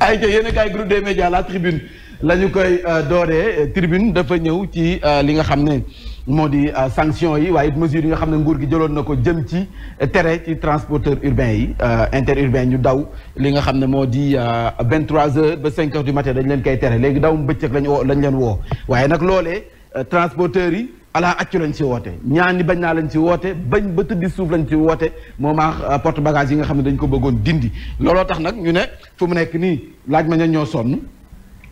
ay jo yéen a kaay groupe des médias la tribune la ñu koy euh, dooree tribune dafa ñëw ci euh, li nga xam ne moo di euh, sanction yi waaye it mesure yi nga xam ne nguur gi jëloon na ko jëm ci tere ci transporteur urbain yi interurbain ñu daw li nga xam ne moo di vingt trois heures ba cinq heures du matin dañ leen koy tere léegi daw mu bëccëg lañ woo lañ leen woo waaye nag loole transporteur yi alaa accu lañ si woote ñaani bañ naa lañ si woote bañ ba tëddi suuf lañ si woote moom ak euh, porte bagage yi nga xam ne dañ ko bëggoon dindi looloo tax nag ñu ne fu mu nekk nii laaj ma ñan ñoo sonn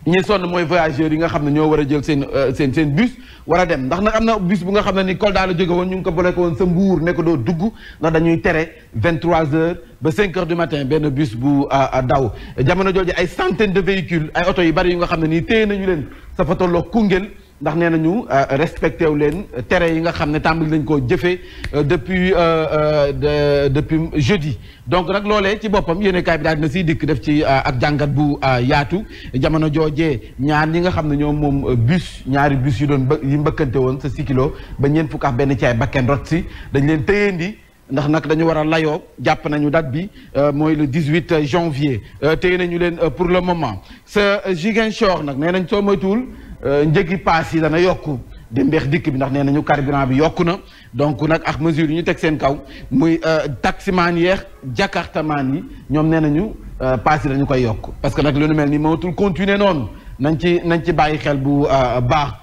ñi sonn mooy voyageurs yi nga xam ne ñoo war a jël seen euh, seen seen bus war a dem ndax nag am na bus bu nga xam ne ni daal a jóge woon ñu ngi ko bloqué woon sa mbuur ne ko doo dugg ndax dañuy tere vingt trois heures ba cinq heures du matin benn bus bu euh, daw jamono jooju ay centaine de véhicules ay oto yu bari yu nga xam ne nii téye nañu leen sa fatoloo Koungheul ndax nee nañu euh, respecté wu leen tere yi nga xam ne tàmbali nañ koo jëfee euh, depuis euh, depuis jeudi donc nag loole ci boppam yéen kaay bi daal na siy dikk def ci ak jàngat bu yaatu jamono joojee ñaar ñi nga xam ne ñoom moom bus ñaari bus yu doon yi mbëkkante woon sa sikilo ba ñeen fukk ak benn ci ay bakken rot si dañ leen tëyendi ndax nag dañu war a layoo jàpp nañu date bi mooy le 18 janvier téye ñu leen pour le moment sa Ziguinchor nag nee nañ soo moytuwul Euh, njëgi paas yi dana yokku dem beex dikk bi ndax nee nañu carburant bi yokk na donc nag ak mesure yi ñu teg seen kaw muy euh, taximaan yeex jakartamaan yi ñoom nee nañu euh, paas yi dañu koy yokk parce que nag lu nu mel ni mënatul continuer noonu nañ ci nañ ci bàyyi xel bu baax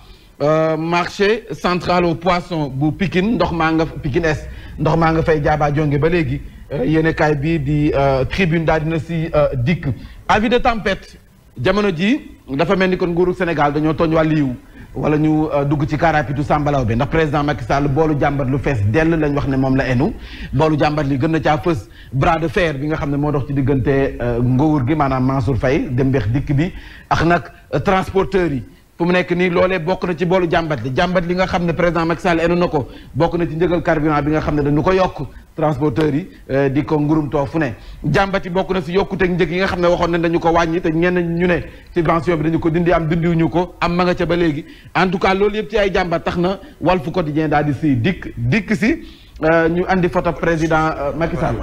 marché central au poisson bu Pikine ndox maa nga Pikine Est ndox maa nga fay jaabaa jonge ba léegi yéenekaay bi di tribune daal dina si dikk avis de tempête jamono ji dafa mel ni kon nguuru Sénégal dañoo tooñ wàll yiw wala ñu euh, dugg ci karapitu sàmbalaw bi ndax président Macky Sall boolu jàmbat lu fees dell lañ wax ne moom la enu boolu jàmbat li gën na caa fës bras de fer bi nga xam ne moo dox ci diggante euh, nguur gi maanaam Mansour Faye dem beex dikk bi ax nag euh, transporteurs yi mu nekk nii loole bokk na ci boolu jàmbat li jàmbat li nga xam ne président Macky enu na ko bokk na ci njëgal carburant bi nga xam ne dañu ko yokk transporteurs yi euh, di ko ngurum too fu ne jàmbat yi bokk na si yokkute njëg yi nga xam ne waxoon nañ dañu ko wàññi te ñenn ñu ne subvention bi dañu ko dindi am dindiwuñu ko am ma nga ca ba léegi en loolu yëpp ci ay jàmbat tax na Walf Quotidien daal di sii dikk dikk si euh, ñu andi photo président euh, Macky Sall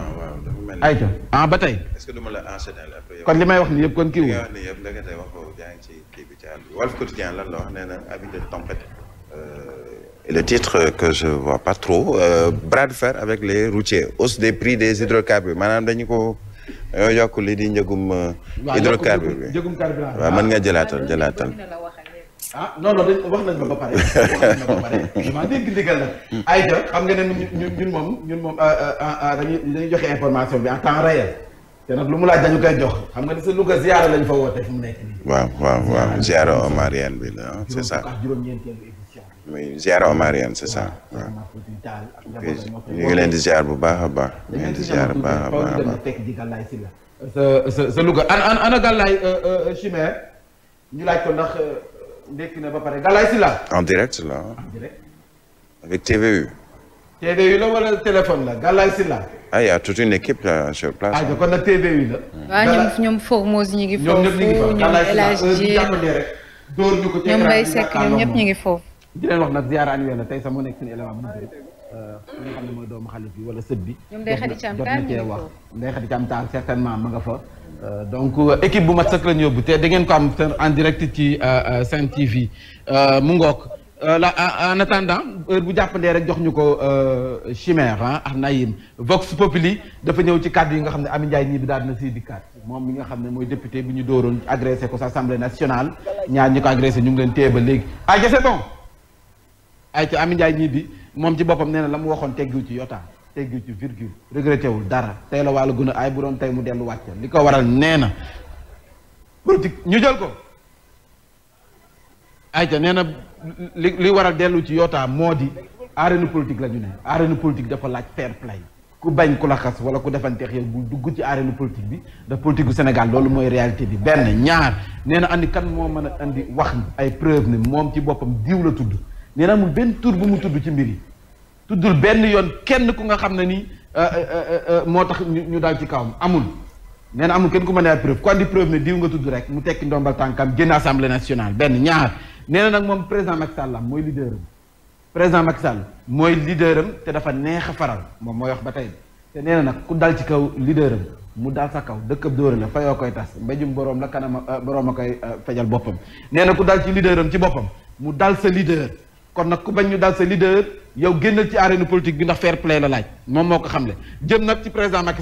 ayca ah ba tey kon li may wax ni yëpp kon kii wu Walf Quotidien lan la wax nee a habit de tempête. Euh, le titre que je vois pas trop euh, bras fer avec les routiers hausse des prix des hydrocarbures maanaam dañu ko yokk li di njëgum. Euh, hydrocarbure bi njëgum ah, mën nga jëlaatal jëlaatal. ah non wax nañ ko ba pare wax ba pare vraiment dégg ndigal xam nga ne ñun moom ñun moom euh, dañuy joxe information bi en temps réel. te nag lu mu laaj dañu koy jox xam nga ni sa luga ziara lañ fa woote fu mu nekk waaw waaw waaw ziara omarienne c'est ça. muy ziara omarienne c'est ça waaw. ñu ngi leen di ziar bu baax a baax. ñu ngi leen di ziar bu baax a baax sa sa ana Galaye euh, euh, Chimère ñu laaj ko ndax euh, ndekki ba pare Galaye Sylla. en direct là. avec TVU. TVU la wala téléphone la Galaye ah y' a toute une équipe là sur place. ah kon nag TV la. waaw ñoom ñoom Formose ñu ngi foofu ñoom El Hadj ñoom Mbaye Seck ñoom ñëpp ñu ngi foofu. di leen wax nag ziara annuelle la tey sax mu nekk suñu élément bu njëkk li nga xam ne mooy doomu xalif bi wala sët bi. ñoom day xadi ci am taal ñu wax day xadi ci am taal certainement ma nga fa. Euh, donc euh, équipe bu mat sëkk la ñu yóbbu te da ngeen ko am en direct ci euh, Sen TV mu ngook. Euh, la en attendant heure bu jàppandee rek jox ñu ko euh, chimère ah ak Naïm Vox Populi dafa ñëw ci kàddu yi nga xam ne Ami Ndiaye ñii bi daal na siy dikkaat moom mi nga xam ne mooy député bu ñu dóoroon agressé ko sa assemblée nationale ñaar ñi ko agressé ñu ngi leen téye ba léegi ay c'est bon ay ca Ami Ndiaye ñii bi moom ci boppam nee na la mu waxoon teggiw ci yota teggiw ci virgule regretté wul dara tey la wàllu gën a ay bu doon tey mu dellu wàcce li ko waral nee na ñu jël ko ay li li waral dellu ci yotaa moo di arène politique la ñu ne arène politique dafa laaj fair play ku bañ ku la xas wala ku defanteex yow bu dugg ci arène politique bi da politique gu Sénégal loolu mooy réalité bi benn ñaar nee na andi kan moo mën a indi wax ay preuve ne moom ci boppam diw la tudd nee na amul benn tur bu mu tudd ci mbir yi tuddul benn yoon kenn ku nga xam ne nii euh, euh, euh, moo tax ñu daal ci kawam amul nee na amul kenn ku mën a preuve ku andi preuve diw nga tudd rek mu tekki ndombal tànkam génn assemblée nationale benn ñaar nee na nag moom président Macky mooy leader am président Macky Sall mooy leader am te dafa neex a faral moom mooy wax ba tey te nee nag ku dal ci kaw leader mu dal sa kaw dëkkab dóore la fa yoo koy tas mbéjum boroom la kanam euh, boroom a koy euh, fejal boppam nee na ku dal ci leader am ci boppam mu dal sa leader kon nag ku bañ ñu dal sa leader yow génnal ci arène politique bi ndax fair play la laaj moom moo ko xam xamle jëm nag ci président Macky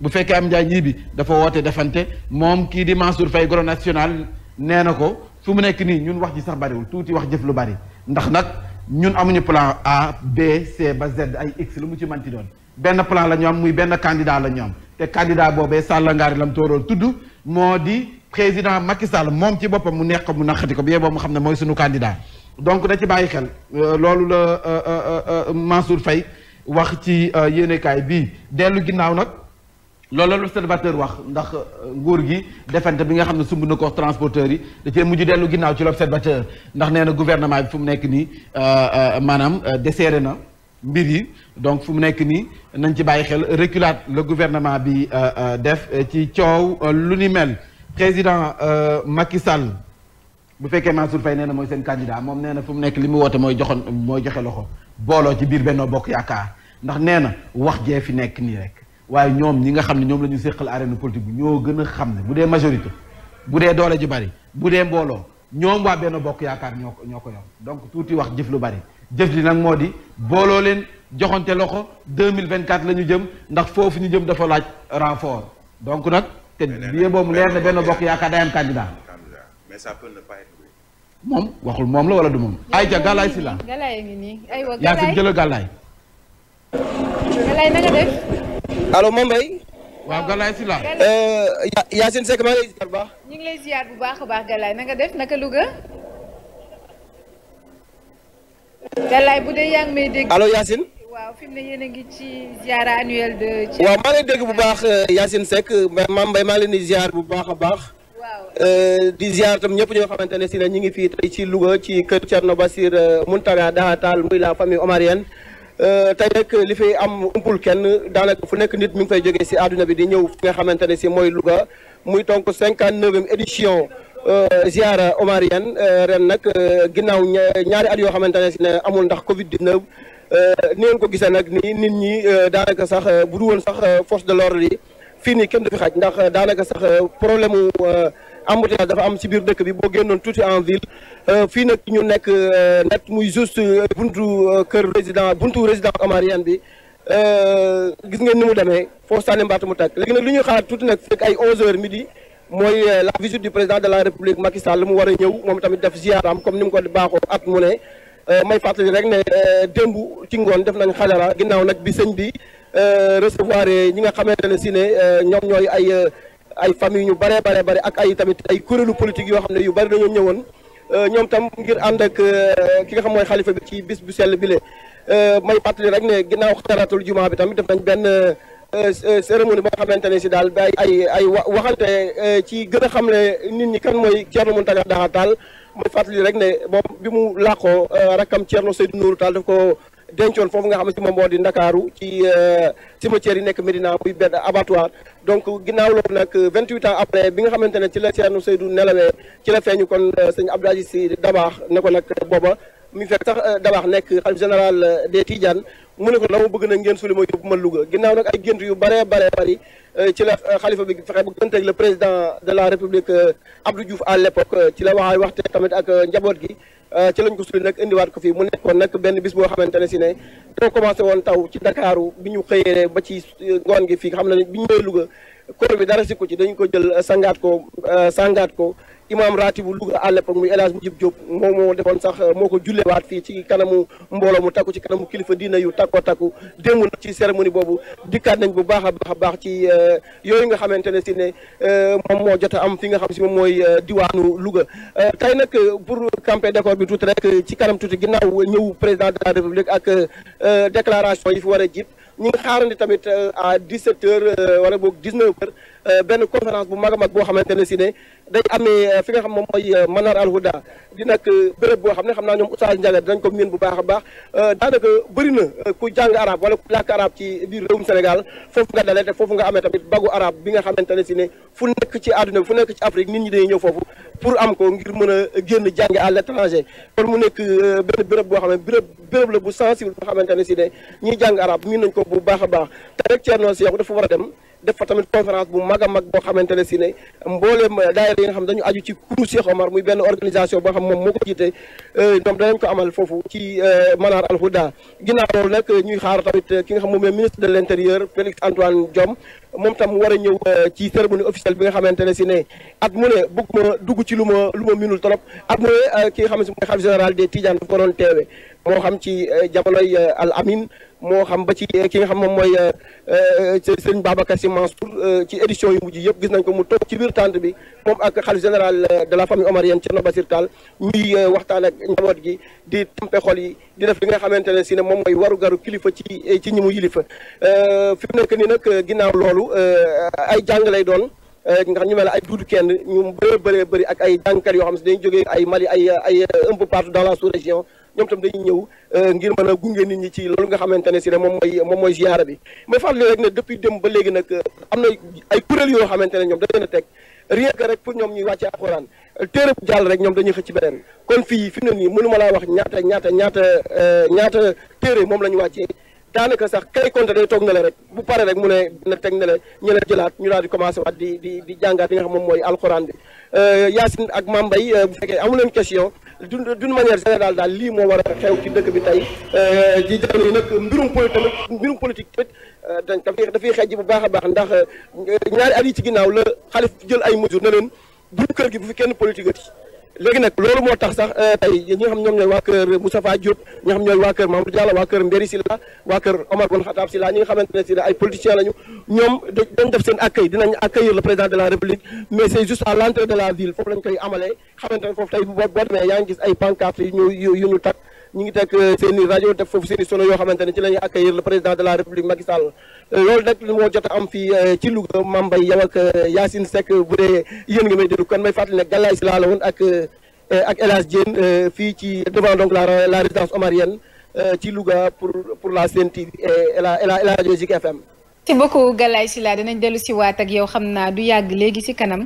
bu fekkee am njaay ñii bi dafa woote defante moom kii di Mansour Faye goro national nee na ko fu mu nekk nii ñun wax ji sax bariwul tuuti wax jëf lu bari ndax nag ñun amuñu plan A B C ba Z ay X lu mu ci manti doon benn plan la ñu am muy benn candidat la ñu am te candidat boobee Salla Ngaari lam toorool tudd moo di président Macky Sall moom ci boppam mu neex ko mu naqati ko bu yeboo mu xam ne mooy suñu candidat donc da ci bàyyi xel euh, loolu la euh, euh, Mansour Faye wax ci yéenekaay bi dellu ginnaaw nag loolu la observateur wax ndax euh, nguur gi defante bi nga xam ne sumb na ko transporteur yi da cee mujj dellu ginnaaw ci l'observateur ndax nee na gouvernement bi fu mu nekk nii euh, euh, maanaam desserré na mbir yi donc fu mu nekk nii nañ ci bàyyi xel reculade la gouvernement bi def ci coow lu ni mel président Macky Sall bu fekkee Mansour Faye nee na mooy seen candidat moom nee na fu mu nekk li mu woote mooy joxoon mooy joxe loxo booloo ci biir Benno Bokk Yaakaar ndax nee na wax jee fi nekk nii rek. waaye ñoom ñi nga xam ne ñoom la ñu séqal arène politique bu ñoo gën a xam ne bu dee majorité bu dee doole ju bari bu dee mbooloo ñoom waa benn bokk yaakaar ñoo ko ñoo ko yor donc tuuti wax jëf lu bari jëf li nag moo di booloo leen joxante loxo 2024 la ñu jëm ndax foofu ñu jëm dafa laaj renfort donc nag te biee boobu leer na benn bokk yaakaar day am candidat mais moom waxul moom la wala du moom ayca gàllaay si la gàllaay nii aywa gàllaay yaa jël gàllaay gàllaay allo ma mbay waaw Galaye Sylla. Euh, Yacine Seck maa baax. ñu ngi lay ziar bu baax a baax Galaye na nga def naka luga Galaye bu dee yaa ngi may dégg. allo Yacine. waaw fi ne yéen ngi ci ziara annuelle de. waaw maa ngi lay dégg bu baax euh, Yacine Seck Mame Mbaye maa ngi leen di ziar bu baax a baax. Euh, di ziar tam ñëpp ñoo xamante ne si na ñu ngi fii tey ci Louga ci kër mun Basir Mountaga Dahatal muy la famille omarienne. Euh, tey nag li fi am umpul kenn daanaka fu nekk nit mi ngi fay jege si àdduna bi di ñëw fi nga xamante ne si mooy Louga muy donc cinquante neuvième édition euh, ziara omarienne euh, ren nag ginnaaw ñaari at yoo xamante ne si ne amul ndax Covid 19. ni ngeen ko gisee nag ni nit ñi daanaka sax bu du sax force de l'ordre yi fii nii kenn du fi xaj ndax daanaka sax problème mu. embouteillage dafa am ci biir dëkk bi boo génnoon tuuti en ville euh, fii nag ñu nekk euh, net muy juste euh, buntu kër résident buntu résident Omarienne bi gis ngeen ni mu demee foo sànni mbaatu mu tàkk léegi ne lu ñuy xalaat tuuti nag fekk ay 11h midi mooy la visite du président de la république Macky Sall mu war a ñëw moom tamit def ziaram comme ni mu ko baaxoo at mu ne. may fàttali rek ne démb ci ngoon def nañ xajara ginnaaw nag bi sëñ bi recevoir ñi nga xamante ne si ne ñoom ñooy ay. ay famille ñu bare bare bare ak ay tamit ay kuréelu politique yoo xam ne yu bari dañoo ñëwoon euh, ñoom tam ngir ànd ak euh, ki nga xam mooy xalifa bi ci bis bu sell bi le euh, may fàttali rek ne ginnaaw xataratul jumaa bi tamit def nañ benn cérémonie boo xamante ne si daal ba ay ay waxante ci gën a xam ne nit ñi kan mooy Thierno mun Daha Tall may fàttali rek ne moom bi mu làqoo rakkam Thierno Seydou Nourou Tall daf ko dencoon foofu nga xamante moom moo di ndakaaru ci euh, cimetière yi nekk Médina muy benn abattoir donc ginnaaw loolu nag euh, vingt huit ans après bi nga xamante ne ci la Thierno Seydou nelawee ci la feeñu kon euh, sëñ Abdou Aziz Sy Dabakh ne ko nag booba mi fekk sax Dabakh nekk xalif général des tiijan mu ne ko na ma bëgg na ngeen suli ma yóbbu ma Louga ginnaaw nag ay gént yu bare bare bari ci la xalifa bi fexe bu gënteeg le président de la république Abdou Diouf à l'époque ci la waxaay waxte tamit ak njaboot gi Euh, ci lañ ko suli nag indiwaat ko fii mu ko nag benn bis boo xamante ne si ne dafa commencé woon taw ci Ndakaaru bi ñu xëyee ba ci euh, ngoon gi fii xam na bi ñu ñëwee Louga koor bi dara si ko ci dañ ko jël euh, sangaat ko sangaat ko imaam raatibu Louga à l'époque muy El Hadj Mujib Diop moom moo defoon sax euh, moo ko waat fii ci kanamu mbooloo mu takku ci kanamu kilifa diina yu takko takku démb nag ci cérémonie boobu dikkaat nañ bu baax a baax a baax ci euh, yooyu nga xamante ne si ne euh, moom moo jot am fi nga xam si moom mooy diwaanu Louga tey nag pour camper décor bi tuuti rek ci kanam tuuti ginnaaw ñëw président de la République ak déclaration yi fi war a jib ñu ngi xaarandi tamit à 17 heures wala boog 19 heures Euh, benn conférence bu mag boo xamante ne si ne day amee euh, fi nga xam moom mooy euh, Manar Al Huda di nag béréb boo xam ne xam naa ñoom Oustaz Ndiaga dañ ko miin bu baax a baax daanaka bëri na ku jàng arab wala ku làkk arab ci biir réewum Sénégal foofu nga dalee te foofu nga amee tamit bagu arab bi nga xamante ne si ne fu nekk ci àdduna fu nekk ci Afrique nit ñi dañuy ñëw foofu pour am ko ngir mën a génn jàngi à l'étranger kon mu nekk bërëb boo xam ne bërëb béréb la bu sensible boo xamante ne si ne ñiy jàng arab miin nañ ko bu baax a baax te rek Thierno Seck dafa war a dem def fa tamit conférence bu mag a mag boo xamante ne si ne mbooleem euh, daayira yi nga xam dañu aju ci kuru Cheikh Omar muy benn organisation boo xam moom moo ko jiite ñoom euh, danañ ko amal foofu ci euh, Manar Al Houda ginnaaw loolu nag ñuy xaar tamit ki nga xam moom mooy ministre de l' intérieur Félix Antoine Diome moom tam war a ñëw ci cérémonie officielle bi nga xamante ne si ne at mu ne bëgg ma dugg ci lu ma lu ma minul trop at mu ne ki nga xam ne si mooy xalif général des Tidianes daf ko doon teewe moo xam ci euh, jamonoy euh, al amin moo xam ba ci euh, ki nga xam moom mooy sëñ Babacar Sy Mansour ci édition yu mujj yëpp gis nañ ko mu toog ci biir tente bi moom ak xal général de la famille omarienne Thierno Basir taal ñuy waxtaan ak njaboot gi di tampe xol yi di def li nga xamante ne si ne moom mooy waru garu kilifa ci ci ñi mu yilifa fi mu nekk ni nag ginaar loolu ay jàng lay doon nga ñu mel ay duudu kenn ñu bëree bëree bëri ak ay jàngkat yoo xam si dañuy jógee ay Mali ay ay un peu la sous-région ñoom tam dañuy ñëw euh, ngir man a gunge nit ñi ci loolu nga xamante ne si ne moom mooy moom mooy ziyaara bi mais fàttali rek na depuis dem ba léegi nag euh, am na ay kuréel yoo xamante ne ñoom dañ leen teg rien que rek pour ñoom ñuy wàcce alxuraan téere bu jàll rek ñoom dañuy xëcc beneen kon fii fi mu nii mënuma laa wax ñaata ñaata ñaata euh, ñaata téere moom la ñu wàccee daanaka sax kay compté day toog ne la rek bu paree rek mu ne na teg ne la ñu la jëlaat ñu daal di commencé waat di di di jàngaat li nga xam moom mooy alxuraan bi euh, Yacine ak Mame Mbaye euh, bu fekkee amu leen question d'une manière générale daal lii moo war a xew ci dëkk bi tey euh, di jamono mbirum politique tamit mbirum politique tamit dañ dafay xejj bu baax a baax ndax ñaari at yi ci ginnaaw la xalif jël ay mesures ne leen bu kër gi bu fi kenn politique léegi nag loolu moo tax sax euh, tey ñi nga xam ñoom ñooy waa kër Moustapha ñi nga xam ñooy waa kër Mamadou Diallo waa kër Mbéri Sylla Omar Bon Khattab Sylla ñi nga xamante si ay politiciens lañu ñoom dañ def seen accueil dinañ accueillir le président de la République mais c'est juste à l'entrée de la ville foofu lañ koy amalee xamante ne foofu tey boo yaa ngi gis ay pancarte yu yu ñu takk ñu ngi teg euh, seen i rajo def foofu seen sono yoo xamante ne ci la ñuy accueillir le président de la république Macky Sall euh, loolu nag li moo jot a am fii euh, ci Louga Mame Mbaye yow ak Yacine Seck bu dee yéen nga may déglu kon may fàttali ne Galaye la woon ak ak El Hadj fii ci devant donc la la résidence omarienne ci Louga pour pour la Sen TV et la et la rajo Zik FM. merci beaucoup Galaye Sylla dinañ dellu si waat ak yow xam naa du yàgg léegi ci kanam.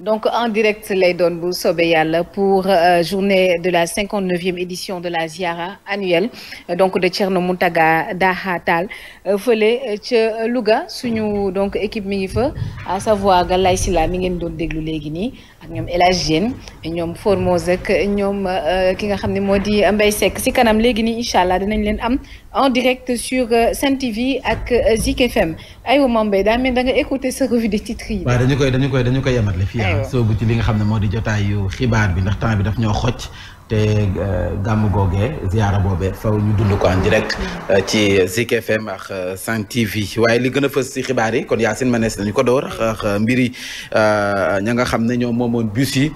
donc en direct lay doon bu soobee yàlla pour euh, journée de la cinquante neuvième édition de la ziara annuelle euh, donc de Thierno Mountaga Daha Tall euh, fële ca Louga suñu donc équipe mi ngi fa à savoir Galaye Sylla mi ngeen doon déglu léegi nii. ñoom El Hadj ñoom Formose ak ñoom euh, ki nga xam ne moo di mbay sekk si kanam léegi nii incha allah dinañ leen am en direct sur euh, Sen TV ak euh, Zik FM ay Mame Mbaye daa mel da nga écouter sa revue de titres yi. waaw dañu koy dañu koy dañu koy yemale fii ah, soo soobu ci li nga xam ne moo di jotaayu xibaar bi ndax temps bi daf ñoo xoj. te euh, gàmm googee ziara boobe fa ñu dund ko en direct euh, ci Zik FM ak euh, Sen TV waaye li gën a fës si xibaar yi kon Yacine Manes nañu ko door ak mbiri ña nga xam ne ñoo moomoon bus yi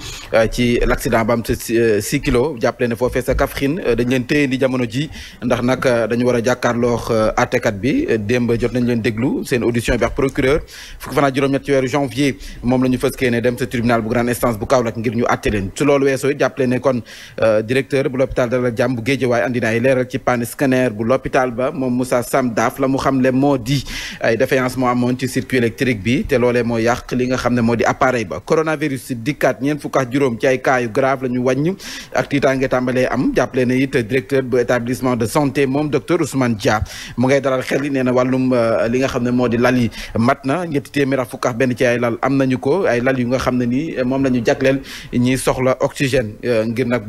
ci l' accident ba am sa six kilos jàppale ne foofee sa Kaffrine dañ leen téye di jamono ji ndax nag dañu war a jàkkaarloo àttekat bi démb jot nañ leen déglu seen audition bi ak procureur fukki fan ak juróom-ñett ci weeru janvier moom la ñu fëskee ne dem sa tribunal bu grande instance bu Kaolack ngir leen su loolu weesoo it jàppale ne Euh, directeur bu l'hôpital Dalal Jàmm bu Géejawaay andi na ay leeral ci panne scanner bu l'hôpital ba moom Moussa Sam Daaf la xam le moo di ay défaillance moo amoon ci circuit électrique bi te loolee moo yàq li nga xam ne moo di appareil ba coronavirus dikkaat ñeent fukk ak juróom ci ay cas yu grave la ñu wàññ ak tiitaange tàmbalee am jàppale na it directeur bu établissement de santé moom docteur Ousmane Dia mu ngay dalal xel yi nee na wàllum euh, li nga xam ne moo di lal yi mat na ñetti téeméer fukk benn ci ay lal am nañu ko ay lal yu nga xam ne nii moom la ñu jagleel ñi soxla oxygène euh, ngir nag